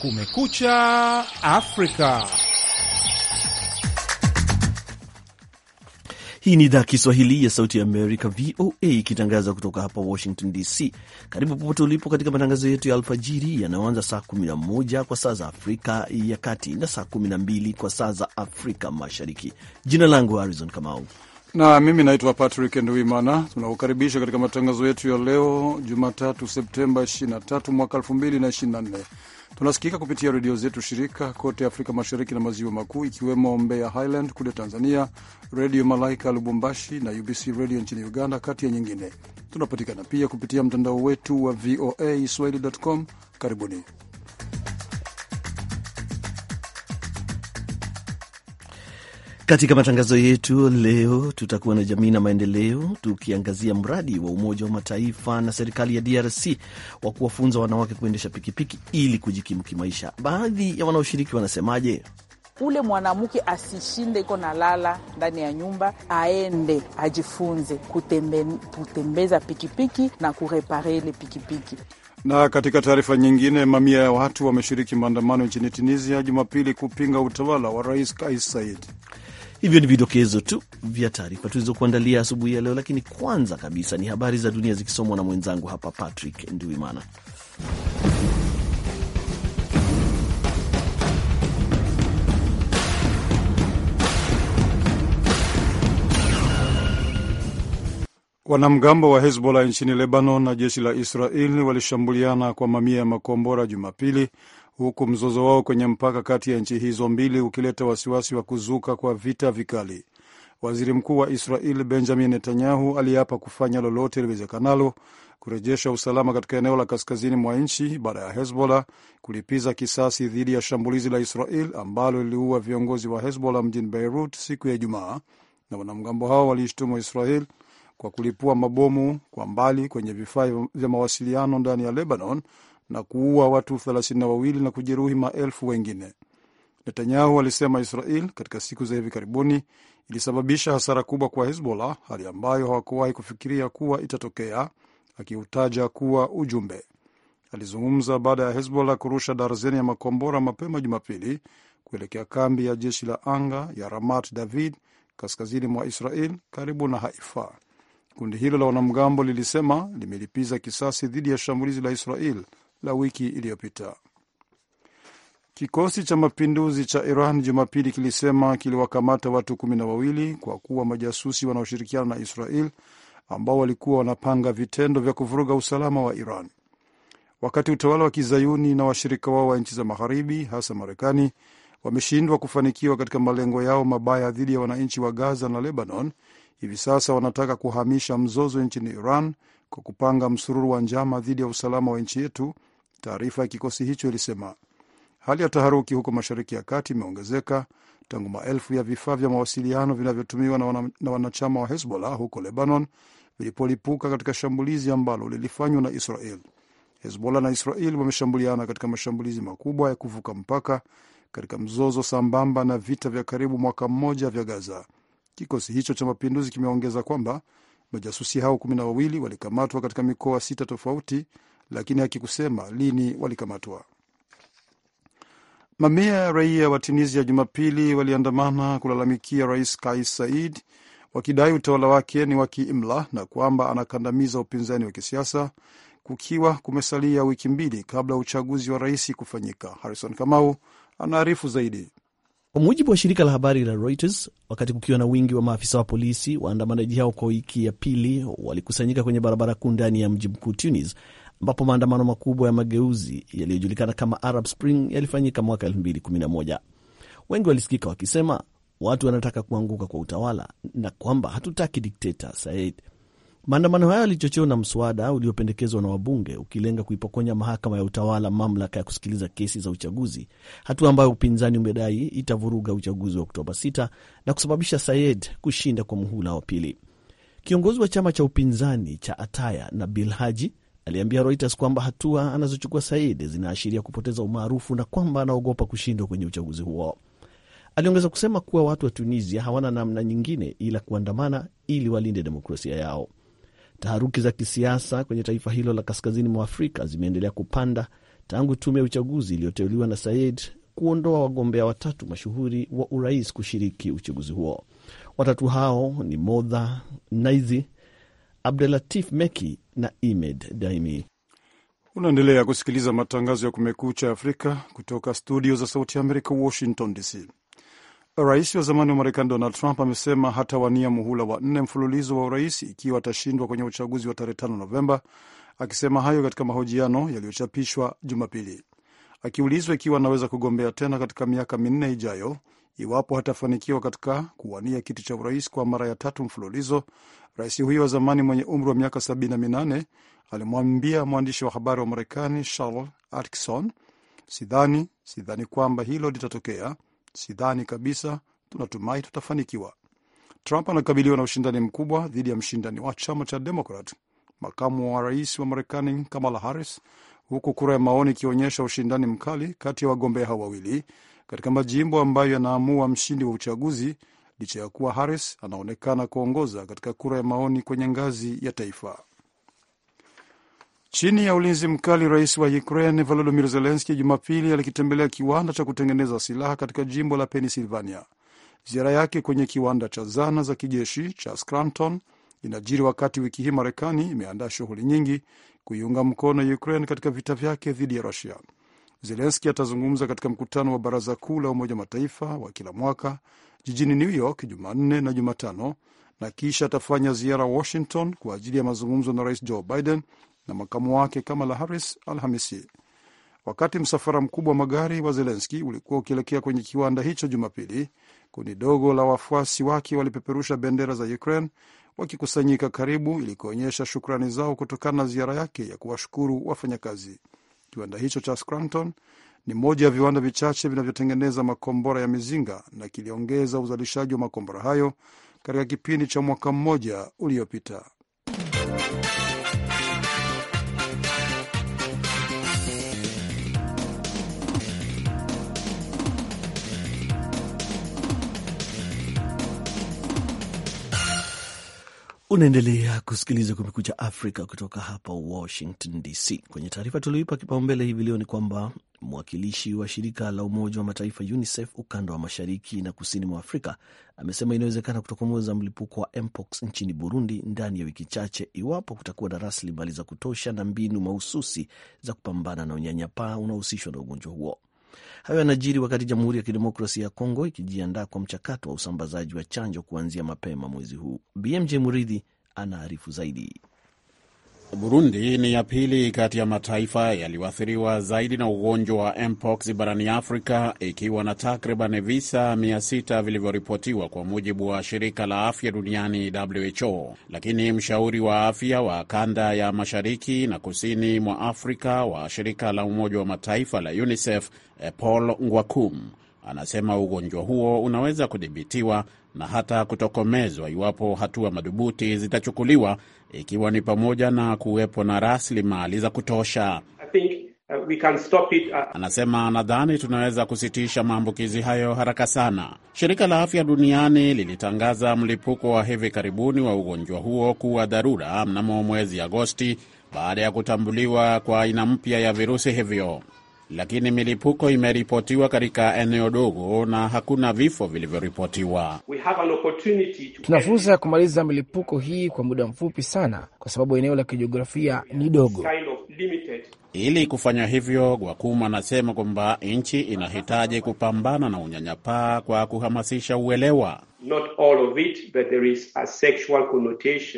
Kumekucha Afrika. Hii ni idhaa Kiswahili ya Sauti ya Amerika, VOA, ikitangaza kutoka hapa Washington DC. Karibu popote ulipo katika matangazo yetu ya alfajiri yanayoanza saa 11 kwa saa za Afrika ya Kati na saa 12 kwa saa za Afrika Mashariki. Jina langu Harizon Kamau na mimi naitwa Patrick Nduimana. Tunakukaribisha katika matangazo yetu ya leo Jumatatu, Septemba 23 mwaka 2024. Tunasikika kupitia redio zetu shirika kote Afrika Mashariki na Maziwa Makuu, ikiwemo Mbeya Highland kule Tanzania, Redio Malaika Lubumbashi na UBC Redio nchini Uganda, kati ya nyingine. Tunapatikana pia kupitia mtandao wetu wa VOA Swahili.com. Karibuni. Katika matangazo yetu leo tutakuwa na jamii na maendeleo, tukiangazia mradi wa Umoja wa Mataifa na serikali ya DRC wa kuwafunza wanawake kuendesha pikipiki ili kujikimu kimaisha. Baadhi ya wanaoshiriki wanasemaje? Ule mwanamke asishinde iko na lala ndani ya nyumba, aende ajifunze kutembe, kutembeza pikipiki na kurepare ile pikipiki. Na katika taarifa nyingine, mamia ya watu wameshiriki maandamano nchini Tunisia Jumapili kupinga utawala wa Rais Kais Saied. Hivyo ni vidokezo tu vya taarifa tulizokuandalia asubuhi ya leo, lakini kwanza kabisa ni habari za dunia zikisomwa na mwenzangu hapa Patrick Nduimana. Wanamgambo wa Hezbollah nchini Lebanon na jeshi la israel walishambuliana kwa mamia ya makombora Jumapili huku mzozo wao kwenye mpaka kati ya nchi hizo mbili ukileta wasiwasi wa kuzuka kwa vita vikali. Waziri mkuu wa Israel Benjamin Netanyahu aliapa kufanya lolote liwezekanalo kurejesha usalama katika eneo la kaskazini mwa nchi baada ya Hezbollah kulipiza kisasi dhidi ya shambulizi la Israel ambalo liliua viongozi wa Hezbollah mjini Beirut siku ya Ijumaa, na wanamgambo hao waliishtumu Israel kwa kulipua mabomu kwa mbali kwenye vifaa vya mawasiliano ndani ya Lebanon na kuua watu 32 na kujeruhi maelfu wengine. Netanyahu alisema Israel katika siku za hivi karibuni ilisababisha hasara kubwa kwa Hezbollah, hali ambayo hawakuwahi kufikiria kuwa itatokea, akiutaja kuwa ujumbe. Alizungumza baada ya Hezbollah kurusha darzeni ya makombora mapema Jumapili kuelekea kambi ya jeshi la anga ya Ramat David kaskazini mwa Israel karibu na Haifa. Kundi hilo la wanamgambo lilisema limelipiza kisasi dhidi ya shambulizi la Israel la wiki iliyopita. Kikosi cha mapinduzi cha Iran Jumapili kilisema kiliwakamata watu kumi na wawili kwa kuwa majasusi wanaoshirikiana na Israel ambao walikuwa wanapanga vitendo vya kuvuruga usalama wa Iran wakati utawala wa kizayuni na washirika wao wa nchi za magharibi hasa Marekani wameshindwa kufanikiwa katika malengo yao mabaya dhidi ya wananchi wa Gaza na Lebanon. Hivi sasa wanataka kuhamisha mzozo nchini Iran kwa kupanga msururu wa njama dhidi ya usalama wa nchi yetu Taarifa ya kikosi hicho ilisema hali ya taharuki huko Mashariki ya Kati imeongezeka tangu maelfu ya vifaa vya mawasiliano vinavyotumiwa na, wana, na wanachama wa Hezbollah huko Lebanon vilipolipuka katika shambulizi ambalo lilifanywa na Israel. Hezbollah na Israel wameshambuliana katika mashambulizi makubwa ya kuvuka mpaka katika mzozo sambamba na vita vya karibu mwaka mmoja vya Gaza. Kikosi hicho cha mapinduzi kimeongeza kwamba majasusi hao kumi na wawili walikamatwa katika mikoa sita tofauti lakini hakikusema lini walikamatwa. Mamia ya raia wa Tunisia Jumapili waliandamana kulalamikia Rais Kais Said wakidai utawala wake ni wa kiimla na kwamba anakandamiza upinzani wa kisiasa, kukiwa kumesalia wiki mbili kabla ya uchaguzi wa rais kufanyika. Harrison Kamau anaarifu zaidi. Kwa mujibu wa shirika la habari la Reuters, wakati kukiwa na wingi wa maafisa wa polisi, waandamanaji hao kwa wiki ya pili walikusanyika kwenye barabara kuu ndani ya mji mkuu Tunis ambapo maandamano makubwa ya mageuzi yaliyojulikana kama Arab Spring yalifanyika mwaka 2011. Wengi walisikika wakisema watu wanataka kuanguka kwa utawala na kwamba hatutaki dikteta Said. Maandamano hayo yalichochewa na mswada uliopendekezwa na wabunge ukilenga kuipokonya mahakama ya utawala mamlaka ya kusikiliza kesi za uchaguzi, hatua ambayo upinzani umedai itavuruga uchaguzi wa Oktoba 6 na kusababisha Sayed kushinda kwa muhula wa pili. Kiongozi wa chama cha upinzani cha Ataya na Bilhaji aliambia Reuters kwamba hatua anazochukua Said zinaashiria kupoteza umaarufu na kwamba anaogopa kushindwa kwenye uchaguzi huo. Aliongeza kusema kuwa watu wa Tunisia hawana namna nyingine ila kuandamana ili walinde demokrasia yao. Taharuki za kisiasa kwenye taifa hilo la kaskazini mwa Afrika zimeendelea kupanda tangu tume ya uchaguzi iliyoteuliwa na Said kuondoa wagombea watatu mashuhuri wa urais kushiriki uchaguzi huo. Watatu hao ni Modha Naizi, Abdelatif Meki na Imed Daimi. Unaendelea kusikiliza matangazo ya Kumekucha Afrika kutoka studio za Sauti ya Amerika, Washington DC. Rais wa zamani wa Marekani Donald Trump amesema hatawania muhula wa nne mfululizo wa urais ikiwa atashindwa kwenye uchaguzi wa tarehe 5 Novemba, akisema hayo katika mahojiano yaliyochapishwa Jumapili. Akiulizwa ikiwa anaweza kugombea tena katika miaka minne ijayo, iwapo hatafanikiwa katika kuwania kiti cha urais kwa mara ya tatu mfululizo. Rais huyo wa zamani mwenye umri wa miaka 78 alimwambia mwandishi wa habari wa Marekani Charles Atkinson, sidhani, sidhani kwamba hilo litatokea, sidhani kabisa. Tunatumai tutafanikiwa. Trump anakabiliwa na ushindani mkubwa dhidi ya mshindani wa chama cha Demokrat, makamu wa rais wa Marekani Kamala Harris, huku kura ya maoni ikionyesha ushindani mkali kati ya wagombea hao wawili katika majimbo ambayo yanaamua mshindi wa uchaguzi, licha ya kuwa Harris anaonekana kuongoza katika kura ya maoni kwenye ngazi ya taifa. Chini ya ulinzi mkali, rais wa Ukraine Volodymyr Zelenski Jumapili alikitembelea kiwanda cha kutengeneza silaha katika jimbo la Pennsylvania. Ziara yake kwenye kiwanda cha zana za kijeshi cha Scranton inajiri wakati wiki hii Marekani imeandaa shughuli nyingi kuiunga mkono Ukraine katika vita vyake dhidi ya Rusia. Zelenski atazungumza katika mkutano wa baraza kuu la Umoja Mataifa wa kila mwaka jijini New York Jumanne na Jumatano, na kisha atafanya ziara Washington kwa ajili ya mazungumzo na Rais Joe Biden na makamu wake Kamala Harris Alhamisi. Wakati msafara mkubwa wa magari wa Zelenski ulikuwa ukielekea kwenye kiwanda hicho Jumapili, kundi dogo la wafuasi wake walipeperusha bendera za Ukraine wakikusanyika karibu ili kuonyesha shukrani zao kutokana na ziara yake ya kuwashukuru wafanyakazi. Kiwanda hicho cha Scranton ni moja ya viwanda vichache vinavyotengeneza makombora ya mizinga na kiliongeza uzalishaji wa makombora hayo katika kipindi cha mwaka mmoja uliopita. Unaendelea kusikiliza Kumekucha Afrika kutoka hapa Washington DC. Kwenye taarifa tulioipa kipaumbele hivi leo ni kwamba mwakilishi wa shirika la Umoja wa Mataifa UNICEF ukanda wa mashariki na kusini mwa Afrika amesema inawezekana kutokomeza mlipuko wa mpox nchini Burundi ndani ya wiki chache iwapo kutakuwa na rasilimali za kutosha na mbinu mahususi za kupambana na unyanyapaa unaohusishwa na ugonjwa huo. Hayo yanajiri wakati Jamhuri ya Kidemokrasia ya Kongo ikijiandaa kwa mchakato wa usambazaji wa chanjo kuanzia mapema mwezi huu. BMJ Muridhi anaarifu zaidi. Burundi ni ya pili kati ya mataifa yaliyoathiriwa zaidi na ugonjwa wa mpox barani Afrika, ikiwa na takriban visa 600 vilivyoripotiwa kwa mujibu wa shirika la afya duniani WHO. Lakini mshauri wa afya wa kanda ya mashariki na kusini mwa Afrika wa shirika la Umoja wa Mataifa la UNICEF Paul Ngwakum anasema ugonjwa huo unaweza kudhibitiwa na hata kutokomezwa iwapo hatua madhubuti zitachukuliwa, ikiwa ni pamoja na kuwepo na rasilimali za kutosha. Uh, we can stop it. Uh, Anasema nadhani tunaweza kusitisha maambukizi hayo haraka sana. Shirika la Afya Duniani lilitangaza mlipuko wa hivi karibuni wa ugonjwa huo kuwa dharura mnamo mwezi Agosti baada ya kutambuliwa kwa aina mpya ya virusi hivyo lakini milipuko imeripotiwa katika eneo dogo na hakuna vifo vilivyoripotiwa. Tuna fursa ya kumaliza milipuko hii kwa muda mfupi sana, kwa sababu eneo la kijiografia ni dogo. Ili kufanya hivyo, Gwakuma anasema kwamba nchi inahitaji kupambana na unyanyapaa kwa kuhamasisha uelewa.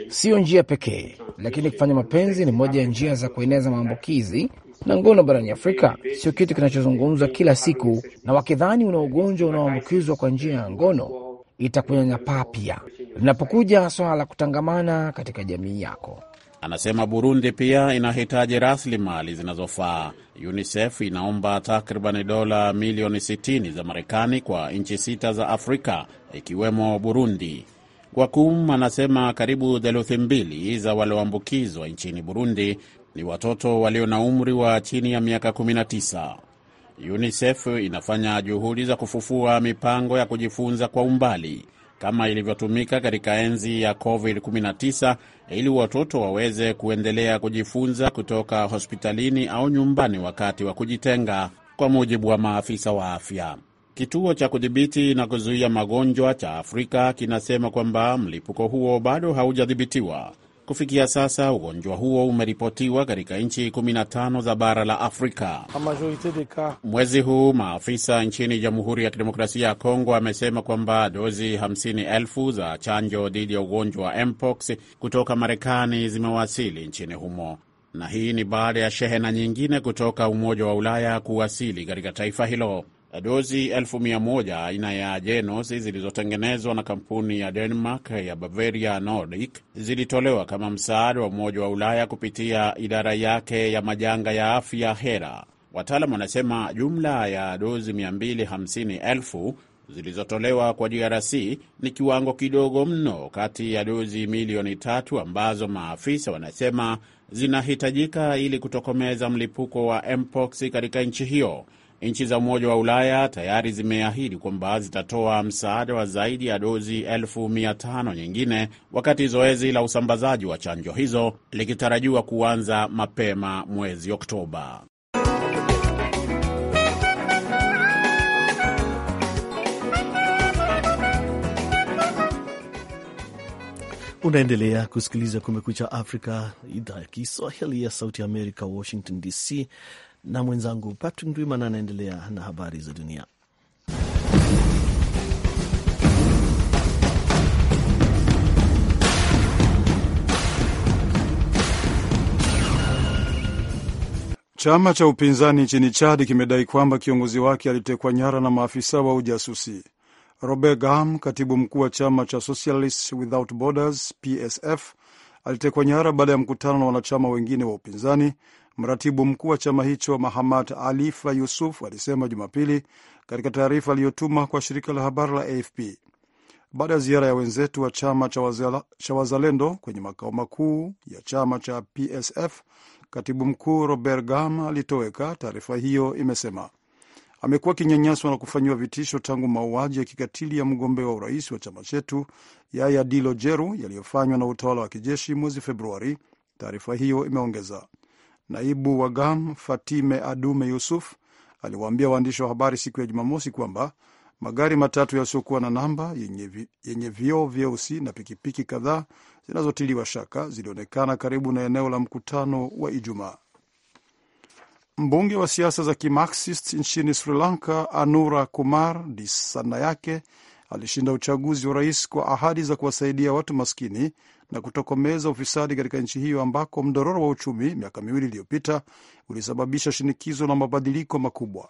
Siyo njia pekee, lakini kufanya mapenzi ni moja ya njia za kueneza maambukizi na ngono barani Afrika sio kitu kinachozungumzwa kila siku, na wakidhani una ugonjwa unaoambukizwa kwa njia ya ngono itakunyanyapaa pia, linapokuja swala la kutangamana katika jamii yako. Anasema Burundi pia inahitaji rasilimali zinazofaa. UNICEF inaomba takribani dola milioni 60 za Marekani kwa nchi sita za Afrika ikiwemo Burundi. Wakum anasema karibu theluthi mbili za walioambukizwa nchini Burundi ni watoto walio na umri wa chini ya miaka 19. UNICEF inafanya juhudi za kufufua mipango ya kujifunza kwa umbali kama ilivyotumika katika enzi ya COVID-19 ili watoto waweze kuendelea kujifunza kutoka hospitalini au nyumbani wakati wa kujitenga, kwa mujibu wa maafisa wa afya. Kituo cha kudhibiti na kuzuia magonjwa cha Afrika kinasema kwamba mlipuko huo bado haujadhibitiwa Kufikia sasa ugonjwa huo umeripotiwa katika nchi 15 za bara la Afrika. Mwezi huu maafisa nchini Jamhuri ya Kidemokrasia ya Kongo amesema kwamba dozi 50,000 za chanjo dhidi ya ugonjwa wa mpox kutoka Marekani zimewasili nchini humo na hii ni baada ya shehena nyingine kutoka Umoja wa Ulaya kuwasili katika taifa hilo. Eh, dozi elfu mia moja aina ya jenos zilizotengenezwa na kampuni ya Denmark ya Bavaria Nordic zilitolewa kama msaada wa Umoja wa Ulaya kupitia idara yake ya majanga ya afya HERA. Wataalamu wanasema jumla ya dozi 250,000 zilizotolewa kwa DRC ni kiwango kidogo mno kati ya dozi milioni tatu ambazo maafisa wanasema zinahitajika ili kutokomeza mlipuko wa mpox katika nchi hiyo. Nchi za Umoja wa Ulaya tayari zimeahidi kwamba zitatoa msaada wa zaidi ya dozi elfu mia tano nyingine wakati zoezi la usambazaji wa chanjo hizo likitarajiwa kuanza mapema mwezi Oktoba. Unaendelea kusikiliza Kumekucha Afrika, idhaa ya Kiswahili ya Sauti ya Amerika, Washington DC na mwenzangu Patrick Ndwimana anaendelea na habari za dunia. Chama cha upinzani nchini Chad kimedai kwamba kiongozi wake alitekwa nyara na maafisa wa ujasusi. Robert Gaham, katibu mkuu wa chama cha Socialists Without Borders, PSF, alitekwa nyara baada ya mkutano na wanachama wengine wa upinzani Mratibu mkuu wa chama hicho Mahamad Alifa Yusuf alisema Jumapili katika taarifa aliyotuma kwa shirika la habari la AFP baada ya ziara ya wenzetu wa chama cha wazalendo kwenye makao makuu ya chama cha PSF. Katibu mkuu Robert gam alitoweka, taarifa hiyo imesema. Amekuwa akinyanyaswa na kufanyiwa vitisho tangu mauaji ya kikatili ya mgombea wa urais wa chama chetu Yaya Dilo Jeru yaliyofanywa na utawala wa kijeshi mwezi Februari, taarifa hiyo imeongeza. Naibu wa GAM Fatime Adume Yusuf aliwaambia waandishi wa habari siku ya Jumamosi kwamba magari matatu yasiyokuwa na namba yenye, yenye vioo vyeusi na pikipiki kadhaa zinazotiliwa shaka zilionekana karibu na eneo la mkutano wa Ijumaa. Mbunge wa siasa za kimaxist nchini Sri Lanka Anura Kumar Dissanayake alishinda uchaguzi wa rais kwa ahadi za kuwasaidia watu maskini na kutokomeza ufisadi katika nchi hiyo ambako mdororo wa uchumi miaka miwili iliyopita ulisababisha shinikizo la mabadiliko makubwa.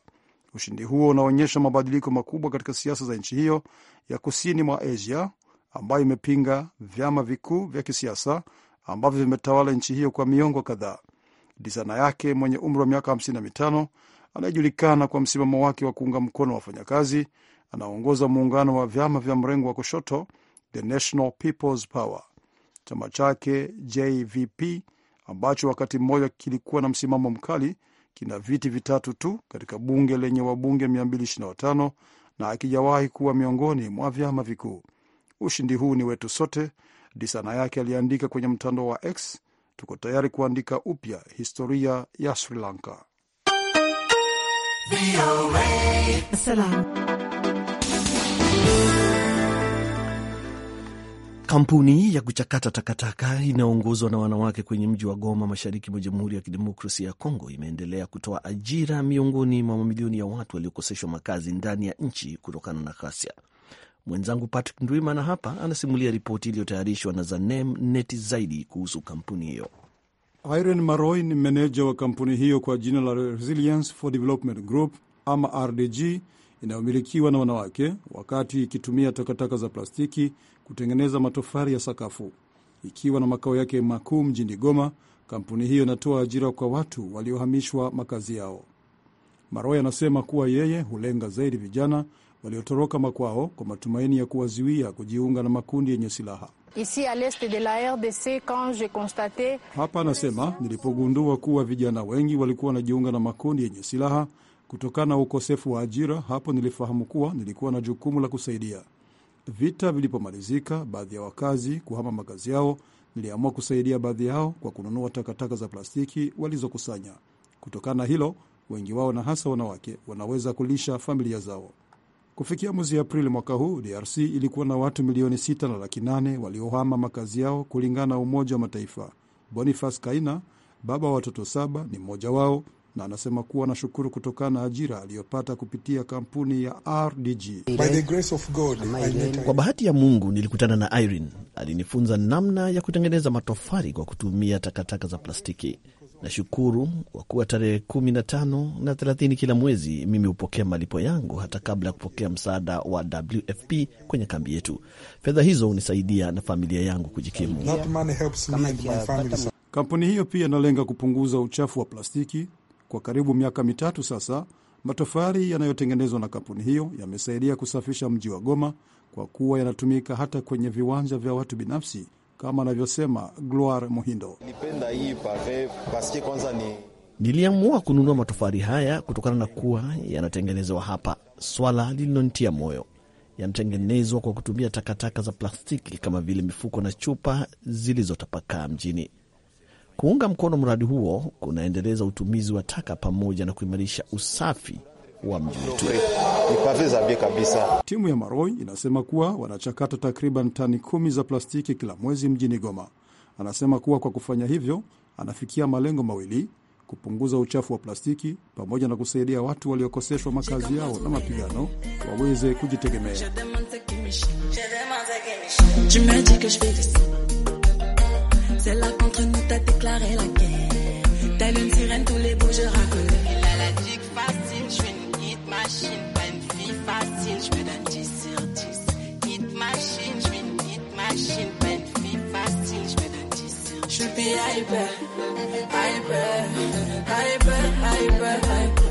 Ushindi huo unaonyesha mabadiliko makubwa katika siasa za nchi hiyo ya kusini mwa Asia ambayo imepinga vyama vikuu vya kisiasa ambavyo vimetawala nchi hiyo kwa miongo kadhaa. Dizana yake mwenye umri wa miaka 55 anayejulikana kwa msimamo wake wa kuunga mkono wafanyakazi, anaongoza muungano wa vyama vya mrengo wa kushoto The National People's Power chama chake JVP ambacho wakati mmoja kilikuwa na msimamo mkali kina viti vitatu tu katika bunge lenye wabunge 225 na akijawahi kuwa miongoni mwa vyama vikuu. Ushindi huu ni wetu sote, Disana yake aliandika kwenye mtandao wa X. Tuko tayari kuandika upya historia ya Sri Lanka. Kampuni ya kuchakata takataka inayoongozwa na wanawake kwenye mji wa Goma, mashariki mwa Jamhuri ya Kidemokrasia ya Kongo, imeendelea kutoa ajira miongoni mwa mamilioni ya watu waliokoseshwa makazi ndani ya nchi kutokana na ghasia. Mwenzangu Patrick Ndwimana hapa anasimulia ripoti iliyotayarishwa na Zanem Neti zaidi kuhusu kampuni hiyo. Irene Maroy ni meneja wa kampuni hiyo kwa jina la Resilience for Development Group ama RDG inayomilikiwa na wanawake wakati ikitumia takataka za plastiki kutengeneza matofali ya sakafu. Ikiwa na makao yake makuu mjini Goma, kampuni hiyo inatoa ajira kwa watu waliohamishwa makazi yao. Maroy anasema kuwa yeye hulenga zaidi vijana waliotoroka makwao kwa matumaini ya kuwazuia kujiunga na makundi yenye silaha. Hapa anasema nilipogundua kuwa vijana wengi walikuwa wanajiunga na makundi yenye silaha Kutokana na ukosefu wa ajira, hapo nilifahamu kuwa nilikuwa na jukumu la kusaidia. Vita vilipomalizika, baadhi ya wakazi kuhama makazi yao, niliamua kusaidia baadhi yao kwa kununua takataka za plastiki walizokusanya. Kutokana na hilo, wengi wao na hasa wanawake wanaweza kulisha familia zao. Kufikia mwezi Aprili mwaka huu, DRC ilikuwa na watu milioni sita na laki nane waliohama makazi yao, kulingana na Umoja wa Mataifa. Boniface Kaina, baba wa watoto saba, ni mmoja wao na anasema kuwa anashukuru kutokana na ajira aliyopata kupitia kampuni ya RDG. By the grace of God, kwa bahati ya Mungu nilikutana na Irene. Alinifunza namna ya kutengeneza matofali kwa kutumia takataka za plastiki. Nashukuru kwa kuwa tarehe 15 na 30 kila mwezi mimi hupokea malipo yangu hata kabla ya kupokea msaada wa WFP kwenye kambi yetu. Fedha hizo hunisaidia na familia yangu kujikimu. Kampuni hiyo pia inalenga kupunguza uchafu wa plastiki kwa karibu miaka mitatu sasa, matofali yanayotengenezwa na kampuni hiyo yamesaidia kusafisha mji wa Goma kwa kuwa yanatumika hata kwenye viwanja vya watu binafsi kama anavyosema Gloire Muhindo. Niliamua kununua matofali haya kutokana na kuwa yanatengenezwa hapa, swala lililonitia moyo. Yanatengenezwa kwa kutumia takataka za plastiki kama vile mifuko na chupa zilizotapakaa mjini. Kuunga mkono mradi huo kunaendeleza utumizi wa taka pamoja na kuimarisha usafi wa mji wetu. Timu ya Maroi inasema kuwa wanachakata takriban tani kumi za plastiki kila mwezi mjini Goma. Anasema kuwa kwa kufanya hivyo anafikia malengo mawili kupunguza uchafu wa plastiki pamoja na kusaidia watu waliokoseshwa makazi yao na mapigano waweze kujitegemea. C'est là contre nous, t'as déclaré la guerre. Telle une sirène, tous les beaux, je raconte. Il a la digue facile, je suis une hit machine. Pas une fille facile, je me donne 10 sur 10. Hit machine, je suis une hit machine. Pas une fille facile, je me donne 10 sur 10. Je suis hyper, hyper, hyper, hyper, hyper.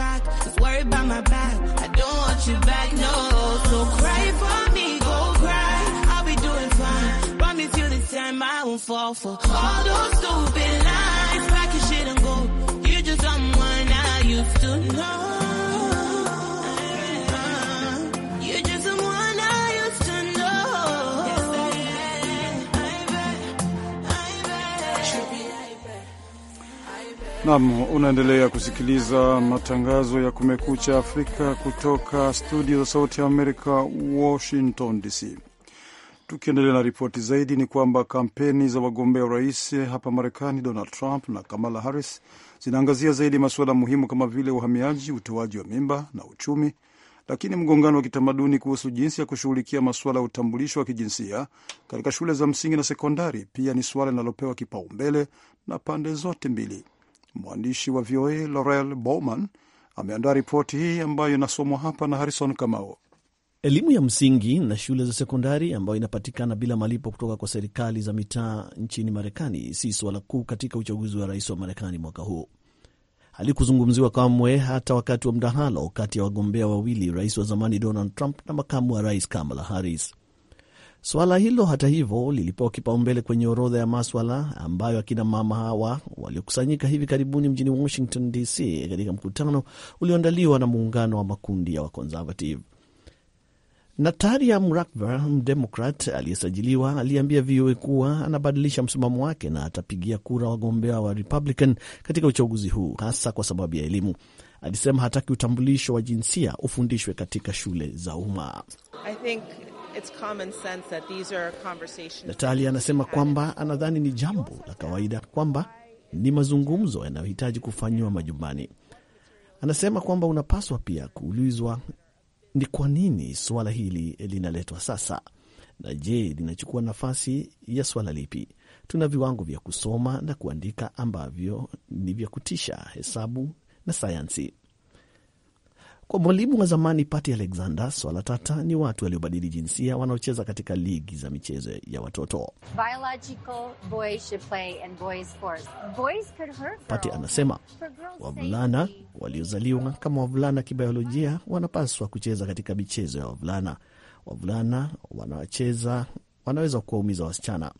track. Just worry about my back. I don't want you back, no. So cry for me, go cry. I'll be doing fine. Promise you this time I won't fall for all those stupid lies. Packing shit and go. You just someone I used to know. Nam, unaendelea kusikiliza matangazo ya Kumekucha Afrika kutoka studio za Sauti ya Amerika, Washington DC. Tukiendelea na ripoti zaidi, ni kwamba kampeni za wagombea urais hapa Marekani, Donald Trump na Kamala Harris, zinaangazia zaidi masuala muhimu kama vile uhamiaji, utoaji wa mimba na uchumi, lakini mgongano wa kitamaduni kuhusu jinsi ya kushughulikia masuala ya utambulisho wa kijinsia katika shule za msingi na sekondari pia ni suala linalopewa kipaumbele na pande zote mbili. Mwandishi wa VOA Laurel Bowman ameandaa ripoti hii ambayo inasomwa hapa na Harrison Kamau. Elimu ya msingi na shule za sekondari ambayo inapatikana bila malipo kutoka kwa serikali za mitaa nchini Marekani si suala kuu katika uchaguzi wa rais wa Marekani mwaka huu. Halikuzungumziwa kamwe hata wakati wa mdahalo kati ya wagombea wawili, rais wa zamani Donald Trump na makamu wa rais Kamala Harris. Swala hilo hata hivyo lilipewa kipaumbele kwenye orodha ya maswala ambayo akina mama hawa waliokusanyika hivi karibuni mjini Washington DC katika mkutano ulioandaliwa na muungano wa makundi ya wakonservative. Natalia Mragver, mdemokrat aliyesajiliwa, aliambia VOA kuwa anabadilisha msimamo wake na atapigia kura wagombea wa Republican katika uchaguzi huu, hasa kwa sababu ya elimu. Alisema hataki utambulisho wa jinsia ufundishwe katika shule za umma. Natalia anasema kwamba anadhani ni jambo la kawaida kwamba ni mazungumzo yanayohitaji kufanyiwa majumbani. Anasema kwamba unapaswa pia kuulizwa ni kwa nini suala hili linaletwa sasa, na je, linachukua nafasi ya suala lipi? Tuna viwango vya kusoma na kuandika ambavyo ni vya kutisha, hesabu na sayansi. Kwa mwalimu wa zamani Pati Alexander, swala tata ni watu waliobadili jinsia wanaocheza katika ligi za michezo ya watoto. Pati anasema wavulana waliozaliwa kama wavulana kibiolojia wanapaswa kucheza katika michezo ya wavulana. Wavulana wanacheza wanaweza kuwaumiza wasichana.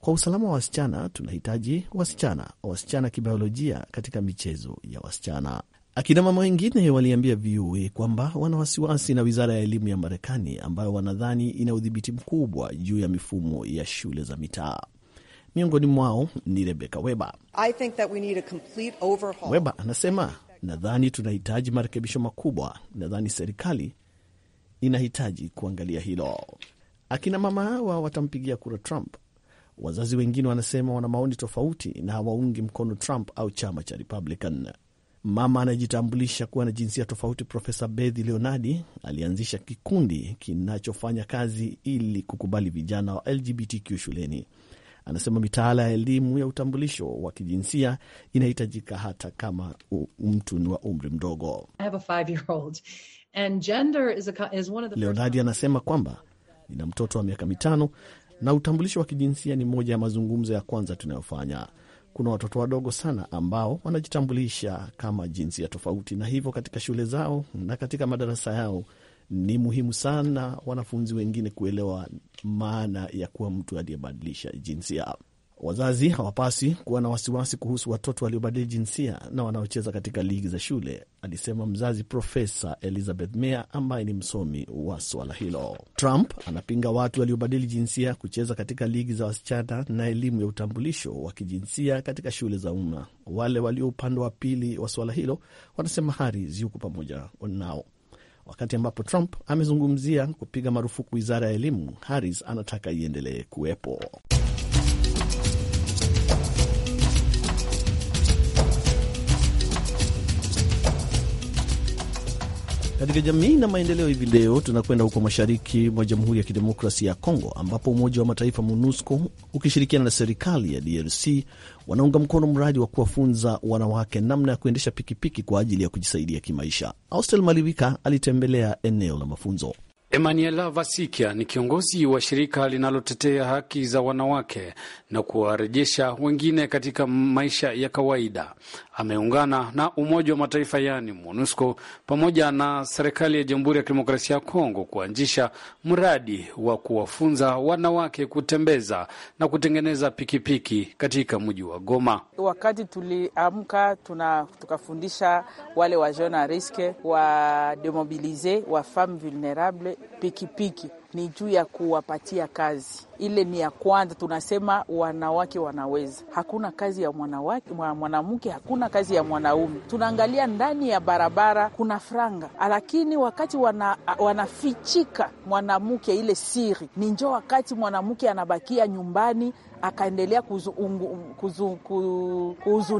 Kwa usalama wa wasichana tunahitaji wasichana wasichana kibiolojia katika michezo ya wasichana. Akina mama wengine waliambia VOA kwamba wana wasiwasi na wizara ya elimu ya Marekani ambayo wanadhani ina udhibiti mkubwa juu ya mifumo ya shule za mitaa. Miongoni mwao ni Rebeka Weba. Weba anasema, nadhani tunahitaji marekebisho makubwa. Nadhani serikali inahitaji kuangalia hilo. Akina mama hawa watampigia kura Trump. Wazazi wengine wanasema wana maoni tofauti na hawaungi mkono Trump au chama cha Republican mama anayejitambulisha kuwa na jinsia tofauti, Profesa Bethi Leonardi alianzisha kikundi kinachofanya kazi ili kukubali vijana wa LGBTQ shuleni. Anasema mitaala ya elimu ya utambulisho wa kijinsia inahitajika hata kama mtu ni wa umri mdogo. Leonardi anasema kwamba nina mtoto wa miaka mitano na utambulisho wa kijinsia ni moja ya mazungumzo ya kwanza tunayofanya kuna watoto wadogo sana ambao wanajitambulisha kama jinsia tofauti, na hivyo katika shule zao na katika madarasa yao ni muhimu sana wanafunzi wengine kuelewa maana ya kuwa mtu aliyebadilisha jinsia. Wazazi hawapasi kuwa na wasiwasi kuhusu watoto waliobadili jinsia na wanaocheza katika ligi za shule, alisema mzazi Profesa Elizabeth Meyer ambaye ni msomi wa swala hilo. Trump anapinga watu waliobadili jinsia kucheza katika ligi za wasichana na elimu ya utambulisho wa kijinsia katika shule za umma. Wale walio upande wa pili wa swala hilo wanasema Harris yuko pamoja nao. Wakati ambapo Trump amezungumzia kupiga marufuku wizara ya elimu, Harris anataka iendelee kuwepo. Katika jamii na maendeleo, hivi leo tunakwenda huko mashariki mwa Jamhuri ya Kidemokrasia ya Kongo, ambapo Umoja wa Mataifa MONUSCO ukishirikiana na serikali ya DRC wanaunga mkono mradi wa kuwafunza wanawake namna ya kuendesha pikipiki kwa ajili ya kujisaidia kimaisha. Austel Malivika alitembelea eneo la mafunzo. Emmanuela Vasikia ni kiongozi wa shirika linalotetea haki za wanawake na kuwarejesha wengine katika maisha ya kawaida. Ameungana na Umoja wa Mataifa yaani MONUSCO pamoja na serikali ya Jamhuri ya Kidemokrasia ya Kongo kuanzisha mradi wa kuwafunza wanawake kutembeza na kutengeneza pikipiki katika mji wa Goma. Wakati tuliamka tuna tukafundisha wale wa jeune a risque wa demobilize wa femme vulnerable pikipiki piki, ni juu ya kuwapatia kazi. Ile ni ya kwanza, tunasema wanawake wanaweza. Hakuna kazi ya mwanawake, mwanamke, hakuna kazi ya mwanaume. Tunaangalia ndani ya barabara kuna franga, lakini wakati wana, wanafichika mwanamke ile siri, ni njo wakati mwanamke anabakia nyumbani akaendelea kuhuzunika kuzu, kuzu,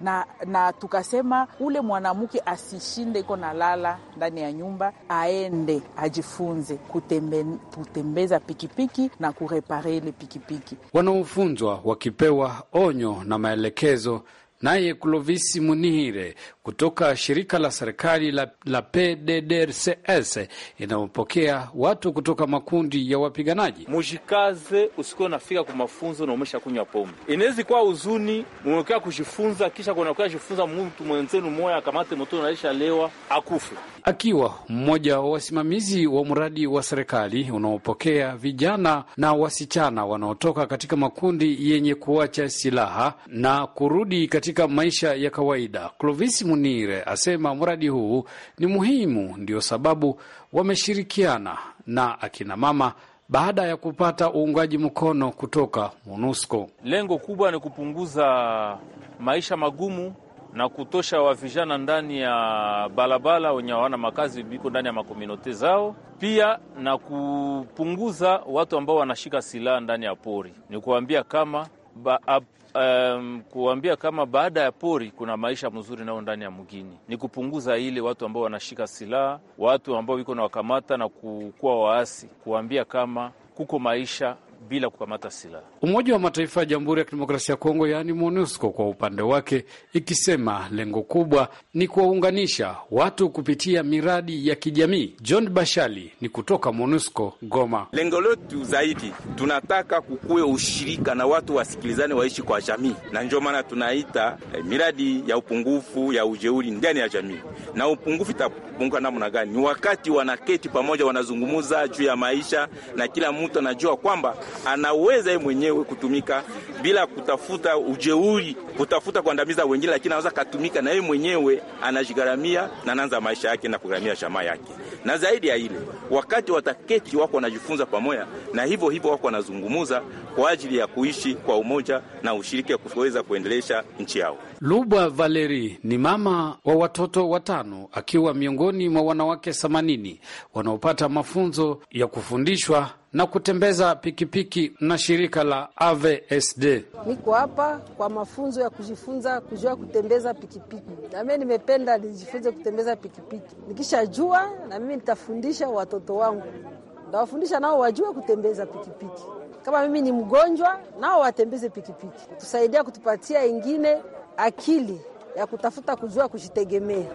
na, na tukasema ule mwanamke asishinde iko na lala ndani ya nyumba, aende ajifunze kutembe, kutembeza pikipiki na kurepare ile pikipiki. Wanaofunzwa wakipewa onyo na maelekezo naye Klovisi Munihire kutoka shirika la serikali la, la PDDRCS inayopokea watu kutoka makundi ya wapiganaji. Mushikaze, usikuwa unafika kwa mafunzo na umesha kunywa pombe, inawezi kuwa huzuni mumekea kujifunza, kisha kunakuwa jifunza mtu mwenzenu moya akamate moto naisha lewa akufe. Akiwa mmoja wa wasimamizi wa mradi wa serikali unaopokea vijana na wasichana wanaotoka katika makundi yenye kuacha silaha na kurudi katika maisha ya kawaida Clovis Munire asema mradi huu ni muhimu, ndio sababu wameshirikiana na akinamama baada ya kupata uungaji mkono kutoka MONUSCO. Lengo kubwa ni kupunguza maisha magumu na kutosha wa vijana ndani ya barabara wenye hawana makazi biko ndani ya makomunote zao, pia na kupunguza watu ambao wanashika silaha ndani ya pori. Ni kuambia kama um, kuambia kama baada ya pori kuna maisha mzuri nao ndani ya mgini, ni kupunguza ile watu ambao wanashika silaha, watu ambao wiko na wakamata na kukuwa waasi, kuambia kama kuko maisha bila kukamata silaha. Umoja wa Mataifa ya Jamhuri ya Kidemokrasia ya Kongo, yaani MONUSCO, kwa upande wake ikisema lengo kubwa ni kuwaunganisha watu kupitia miradi ya kijamii. John Bashali ni kutoka MONUSCO Goma. Lengo letu zaidi, tunataka kukuwe ushirika na watu wasikilizane, waishi kwa jamii, na ndio maana tunaita eh, miradi ya upungufu ya ujeuri ndani ya jamii. Na upungufu itapunguka namna gani? Ni wakati wanaketi pamoja, wanazungumza juu ya maisha na kila mtu anajua kwamba anaweza yeye mwenyewe kutumika bila kutafuta ujeuri, kutafuta kuandamiza wengine, lakini anaweza katumika na yeye mwenyewe anajigharamia na anaanza maisha yake na kugharamia shamaa yake. Na zaidi ya ile, wakati wataketi wako wanajifunza pamoja, na hivyo hivyo wako wanazungumuza kwa ajili ya kuishi kwa umoja na ushiriki wa kuweza kuendelesha nchi yao. Lubwa Valeri ni mama wa watoto watano akiwa miongoni mwa wanawake 80 wanaopata mafunzo ya kufundishwa na kutembeza pikipiki na shirika la AVSD. Niko hapa kwa mafunzo ya kujifunza kujua kutembeza pikipiki, na mimi nimependa nijifunze kutembeza pikipiki. Nikishajua na mimi nitafundisha watoto wangu, ntawafundisha nao wajue kutembeza pikipiki. Kama mimi ni mgonjwa, nao watembeze pikipiki, tusaidia kutupatia ingine akili ya kutafuta kujua kujitegemea.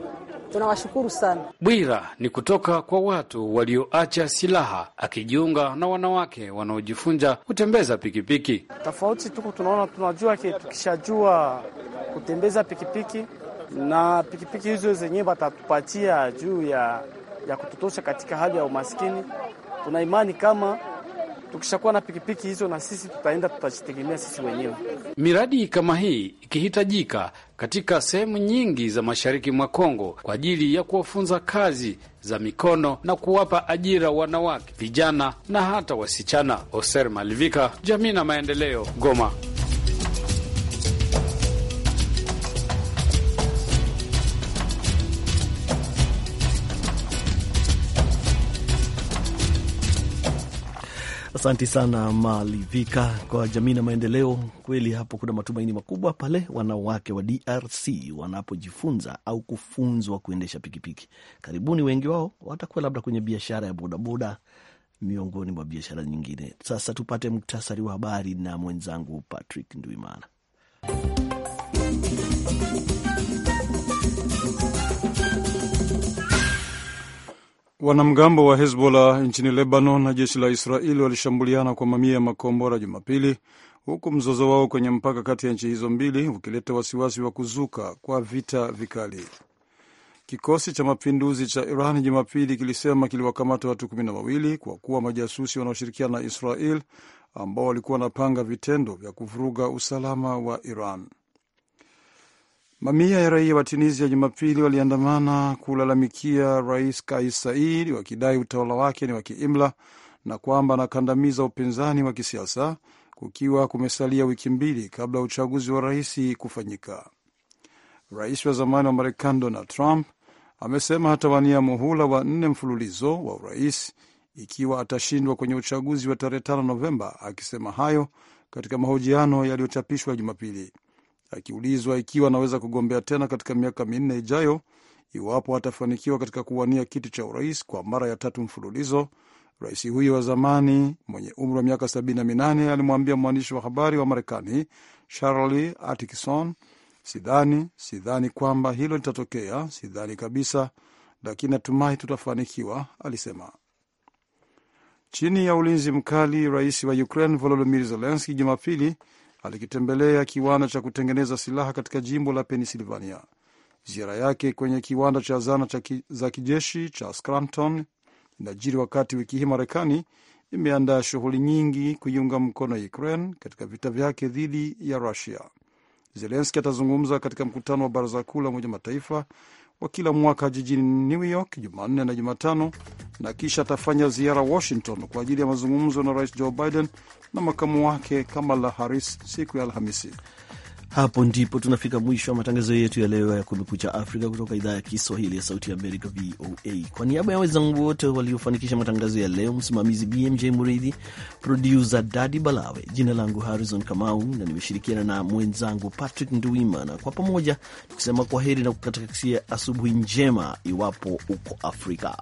Tunawashukuru sana. Bwira ni kutoka kwa watu walioacha silaha, akijiunga na wanawake wanaojifunza kutembeza pikipiki. Tofauti tuko tunaona, tunajua ke tukishajua kutembeza pikipiki na pikipiki hizo zenyewe watatupatia juu ya, ya kututosha katika hali ya umaskini, tuna imani kama Tukishakuwa na pikipiki hizo, na sisi tutaenda tutajitegemea sisi wenyewe. Miradi kama hii ikihitajika katika sehemu nyingi za mashariki mwa Kongo kwa ajili ya kuwafunza kazi za mikono na kuwapa ajira wanawake, vijana na hata wasichana. Oser Malivika, jamii na maendeleo, Goma. Asante sana Malivika kwa jamii na maendeleo. Kweli hapo kuna matumaini makubwa pale wanawake wa DRC wanapojifunza au kufunzwa kuendesha pikipiki. Karibuni wengi wao watakuwa labda kwenye biashara ya bodaboda miongoni mwa biashara nyingine. Sasa tupate muktasari wa habari na mwenzangu Patrick nduimana Wanamgambo wa Hezbollah nchini Lebanon na jeshi la Israeli walishambuliana kwa mamia ya makombora Jumapili, huku mzozo wao kwenye mpaka kati ya nchi hizo mbili ukileta wasiwasi wa kuzuka kwa vita vikali. Kikosi cha mapinduzi cha Iran Jumapili kilisema kiliwakamata watu kumi na wawili kwa kuwa majasusi wanaoshirikiana na Israel ambao walikuwa wanapanga vitendo vya kuvuruga usalama wa Iran. Mamia ya raia wa Tunisia Jumapili waliandamana kulalamikia rais Kais Saied wakidai utawala wake ni wa kiimla na kwamba anakandamiza upinzani wa kisiasa, kukiwa kumesalia wiki mbili kabla ya uchaguzi wa rais kufanyika. Rais wa zamani wa Marekani Donald Trump amesema hatawania muhula wa nne mfululizo wa urais ikiwa atashindwa kwenye uchaguzi wa tarehe 5 Novemba, akisema hayo katika mahojiano yaliyochapishwa Jumapili akiulizwa ikiwa anaweza kugombea tena katika miaka minne ijayo iwapo atafanikiwa katika kuwania kiti cha urais kwa mara ya tatu mfululizo. Rais huyo wa zamani mwenye umri wa miaka 78 alimwambia mwandishi wa habari wa Marekani Charlie Atkison, sidhani, sidhani kwamba hilo litatokea, sidhani kabisa, lakini natumai tutafanikiwa, alisema. Chini ya ulinzi mkali, rais wa Ukraine Volodymyr Zelensky Jumapili alikitembelea kiwanda cha kutengeneza silaha katika jimbo la Pennsylvania. Ziara yake kwenye kiwanda cha zana za kijeshi cha Scranton inajiri wakati wiki hii Marekani imeandaa shughuli nyingi kuiunga mkono Ukraine katika vita vyake dhidi ya Russia. Zelenski atazungumza katika mkutano wa baraza kuu la Umoja Mataifa wa kila mwaka jijini New York Jumanne na Jumatano, na kisha atafanya ziara Washington kwa ajili ya mazungumzo na Rais Joe Biden na makamu wake Kamala Harris siku ya Alhamisi. Hapo ndipo tunafika mwisho wa matangazo yetu ya leo ya Kumekucha Afrika kutoka idhaa ya Kiswahili ya Sauti ya Amerika, VOA. Kwa niaba ya wenzangu wote waliofanikisha matangazo ya leo, msimamizi BMJ mridhi produsa Dadi Balawe, jina langu Harrison Kamau na nimeshirikiana na mwenzangu Patrick Nduimana, kwa pamoja tukisema kwa heri na kukatakasia asubuhi njema iwapo uko Afrika.